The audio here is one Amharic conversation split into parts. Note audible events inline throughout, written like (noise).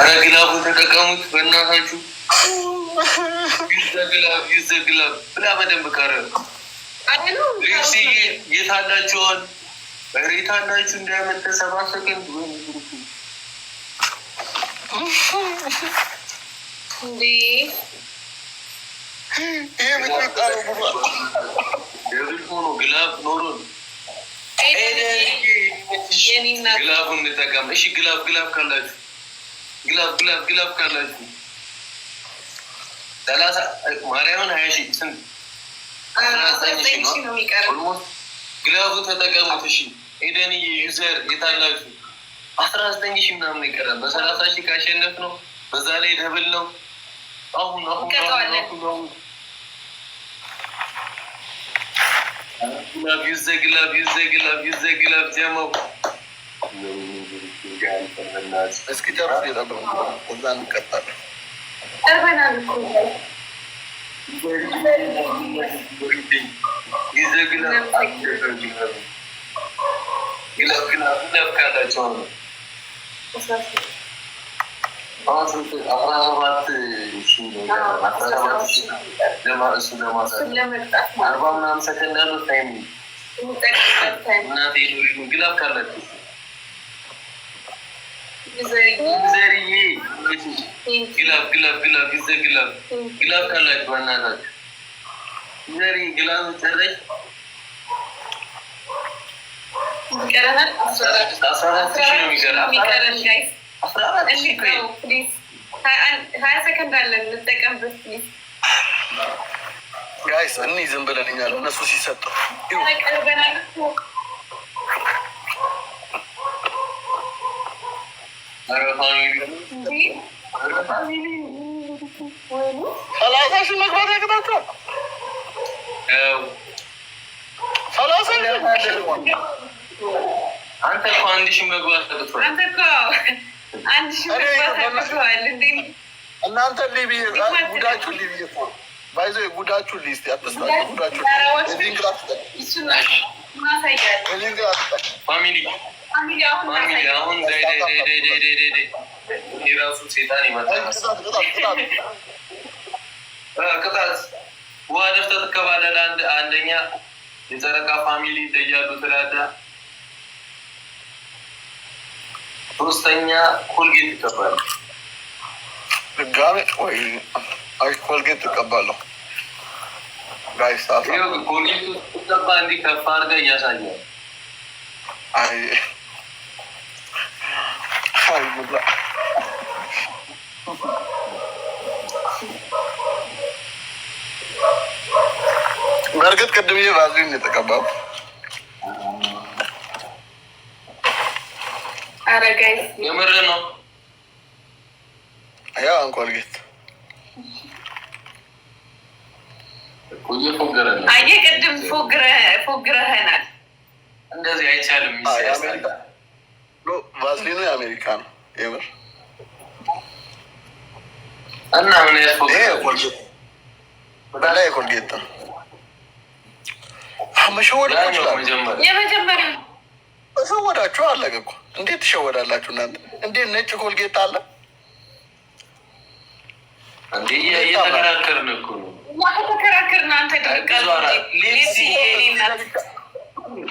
አረ ግላቡ ተጠቀሙት በእናታችሁ ግላብ ዩዘ ብላ በደንብ ቀረ የታላቸዋል ሬታላችሁ እንዳያመጠ ሰባ ሰከንድ ግላብ ኖሮን ግላቡን እንጠቀም። እሺ ግላብ ግላብ ካላችሁ ግላብ ግላብ ግላብ ካላችሁ ሰላሳ ማርያምን ሀያ ሺህ ግላቡ ተጠቀሙት። እሺ ኤደን ዩዘር የታላችሁ አስራ ዘጠኝ ሺ ምናምን ይቀራል። በሰላሳ ሺ ካሸነፍ ነው በዛ ላይ ደብል ነው። አሁን አሁን አሁን ግላብ ዩዘ ግላብ ዩዘ ግላብ ዩዘ ግላብ ጀመው እስኪ ጨርስ የጠብ እዛ እንቀጣለን። ግላፍ ካላችሁ ዘርዬ ግላብ ግላብ ግላብ ግዘ ጋይስ። እኔ ዝም ብለንኛል እነሱ ሲሰጡ ሰላሳ መግባት ያቅታቸዋል። እናንተ ጉዳችሁ ባይዘ ጉዳችሁ ሊስት ያበስታችሁ ጉዳችሁ ፋሚሊ አሁን የራሱ ሴጣን ይመጣል። ቅጣት ውሃ ደፍተህ ትከባለህ። አንደኛ የጨረቃ ፋሚሊ እንደያሉ ትላዳ። ሶስተኛ ኮልጌት ትቀባለህ። ድጋሜ ወይ አይ ኮልጌት ትቀባለህ። ኮልጌት ትቀባ እንዲህ ከፍ አድርገህ እያሳያል በእርግጥ ቅድም ቫዝሊን የተቀባው የምር ነው። ያው አንኮልጌት አየህ፣ ቅድም ፎግረህናል። እንደዚህ አይቻልም። ቫዝሊኑ የአሜሪካ ነው የምር እና ምን ነው መሸወድ አለቀ እኮ እንዴት ትሸወዳላችሁ እናንተ እንዴት ነጭ ኮልጌት አለ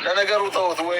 ለነገሩ ተውት ወይ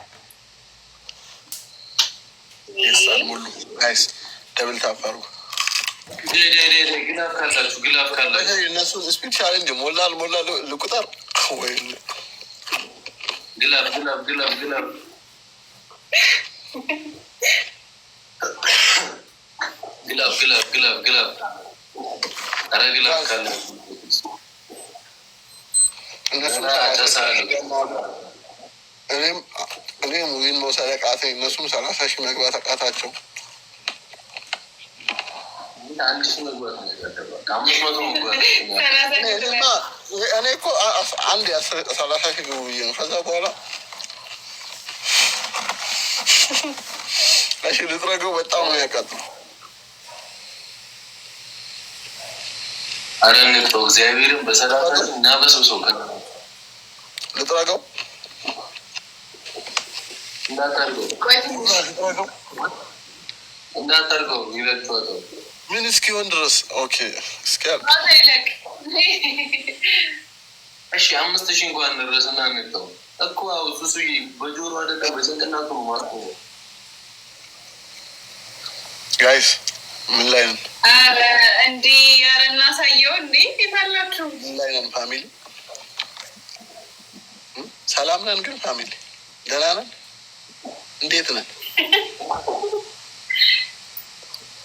ጋይስ ደብል ታፈሩ እነሱ ስፒድ ቻሌንጅ ሞላ ልቁጠር ወይ ግላብ ግላብ ግላብ ግላብ ኧረ ግላብ ካለ እኔም ዊን መውሰድ አቃተኝ። እነሱም ሰላሳ ሺህ መግባት አቃታቸው። እኔ እኮ አንድ ሰላሳ ሺህ ግቡ ብዬ ነው። ከዛ በኋላ እሺ ልጥረገው። በጣም ነው ያቃጥለው። አረ ንጥረው፣ እግዚአብሔርን በሰላሳ እና በሰብሰው ልጥረገው እንዳታርገው እንዳታርገው ይለጥፈው ምን እስኪሆን ድረስ ኦኬ። እስኪ እሺ፣ አምስት ሺህ እንኳን ድረስና ንጠው እኮ ያው ሱሱ በጆሮ አደጋ በጭንቅላቱ ማርኮ ጋይስ ምን ላይ ነን? እንዲ ያረ እናሳየው። እንዲ የታላችሁ ምን ላይ ነን? ፋሚሊ ሰላም ነን። ግን ፋሚሊ ደህና ነን። እንዴት ነን? (laughs)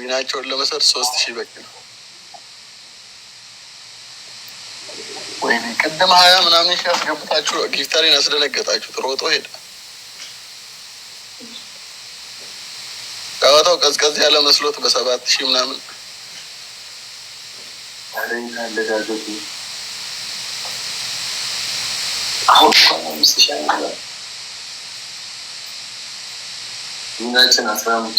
ሚናቸውን ለመሰር ሶስት ሺህ በቂ ነው። ቅድም ሀያ ምናምን ሺህ ያስገብታችሁ ጊፍታሪን ያስደነገጣችሁ ሮጦ ሄደ። ጨዋታው ቀዝቀዝ ያለ መስሎት በሰባት ሺህ ምናምን ሚናችን አስራ አምስት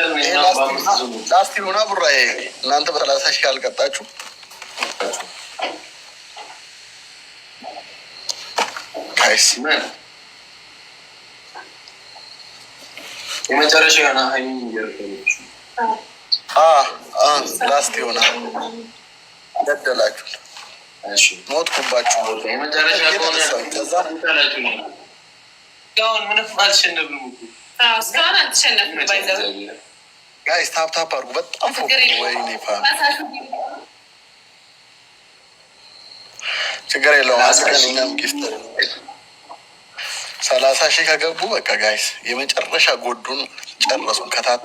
ላስቲን ሆና ቡራዬ እናንተ በሰላሳ ሺህ አልቀጣችሁ የመጨረሻ የሆነ ላስት ሆና ገደላችሁ፣ ሞትኩባችሁ። የመጨረሻ ከሆነ ከዛ ምንም አልሸነፍንም። እስካሁን አልተሸነፍም። ጋይስ ታፕታፕ አድርጉ። በጣም ችግር የለውም። አስቀኛም ጊፍት ሰላሳ ሺህ ከገቡ በቃ ጋይስ የመጨረሻ ጎዱን ጨረሱን። ከታት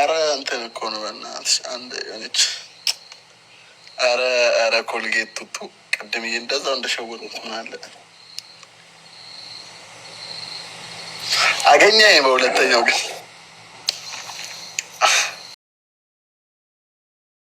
አረ እንትን እኮ ነው በእናትሽ አንድ የሆነች አረ አረ ኮልጌት ቱቱ ቅድም ይሄ እንደዛ እንደሸወድኩት ምን አለ አገኘ በሁለተኛው ግን